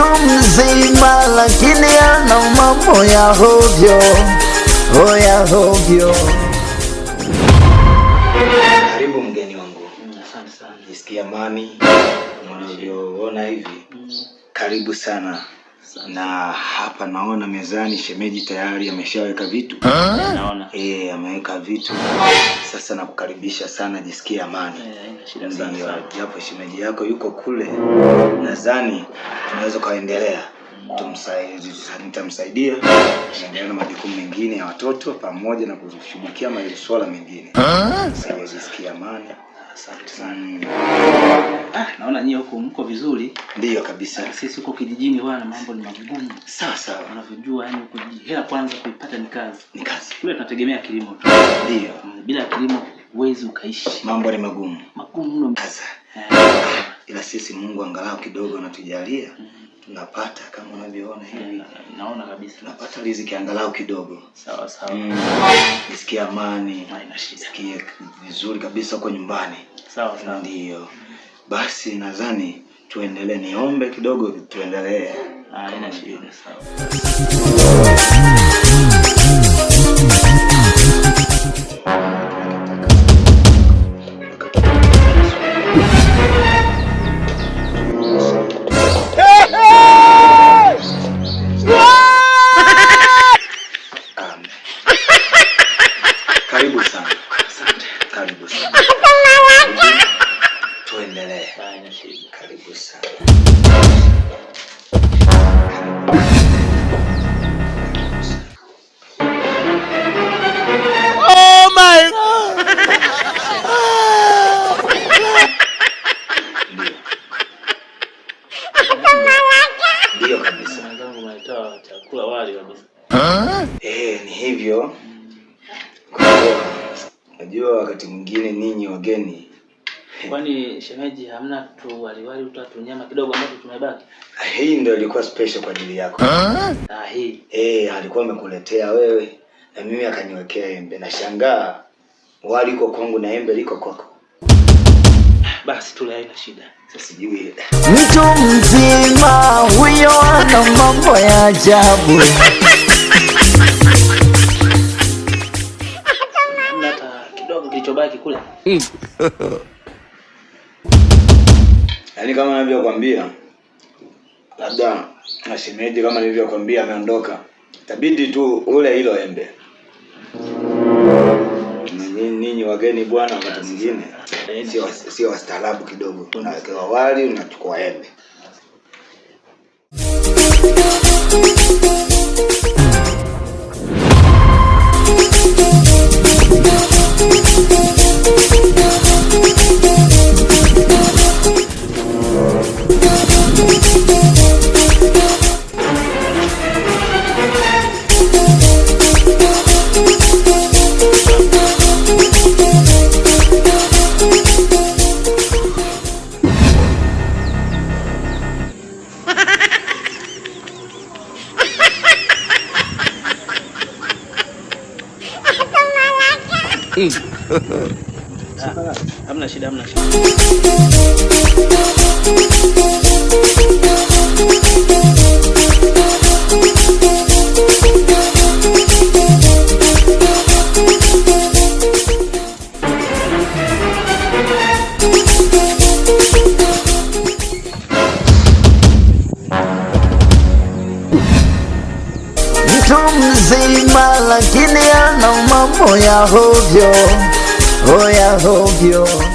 mtu mzima, lakini ana mambo ya hovyo hoya hovyo. Karibu mgeni wangu. Asante sana. Jisikia amani unavyoona hivi. Mm. Karibu sana na hapa naona mezani shemeji tayari ameshaweka vitu, naona eh, ameweka vitu. Sasa nakukaribisha sana, jisikie amani. japo eh, shemeji yako yuko kule, nadhani tunaweza ukaendelea, nitamsaidia endelea na majukumu mengine ya watoto pamoja na kushughulikia masuala mengine. Jisikie amani, asante sana. Mm. Ah, naona nyie huko mko vizuri. Ndio kabisa. Ah, Sisi huko kijijini bwana mambo ni magumu. Sawa sawa. Unavyojua yani huko hela kwanza kuipata ni kazi. Ni kazi. Kule tunategemea kilimo tu. Ndio. Mm, bila kilimo huwezi ukaishi. Mambo ni magumu. Magumu mno. Sasa. Eh. Ila sisi Mungu angalau kidogo anatujalia. Mm Tunapata kama unavyoona hivi. Eh, na, naona kabisa. Tunapata riziki angalau kidogo. Sawa sawa. Mm. Nisikie amani. Haina shida. Nisikie vizuri kabisa kwa nyumbani. Sawa sawa. Ndio. Mm basi nadhani tuendelee, niombe kidogo, tuendelee. Haina shida, sawa. kula wali kabisa. Eh, ni hivyo. Najua wakati mwingine ninyi wageni. Kwani shemeji, hamna tu wali wali utatu nyama kidogo ambacho tumebaki? Ah, hii ndio ilikuwa special kwa ajili yako. Ah, hii. Eh, alikuwa amekuletea wewe na mimi akaniwekea embe. Nashangaa wali uko kwangu na embe liko kwako. Basi tulai na shida. Mtu mzima huyo ana mambo ya ajabu. Hata kidogo kilichobaki kule. Yaani kama nilivyokuambia labda na kama nilivyokuambia ameondoka. Itabidi tu ule hilo embe. Ninyi wageni bwana, wakati mwingine Eh, sio wastaarabu kidogo, unawekewa wali, unachukua embe Hamna shida, hamna shida. mzima, lakini ana mambo ya hovyo, oh ya hovyo